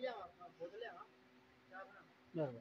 练啊，的练啊，加不加？练呗。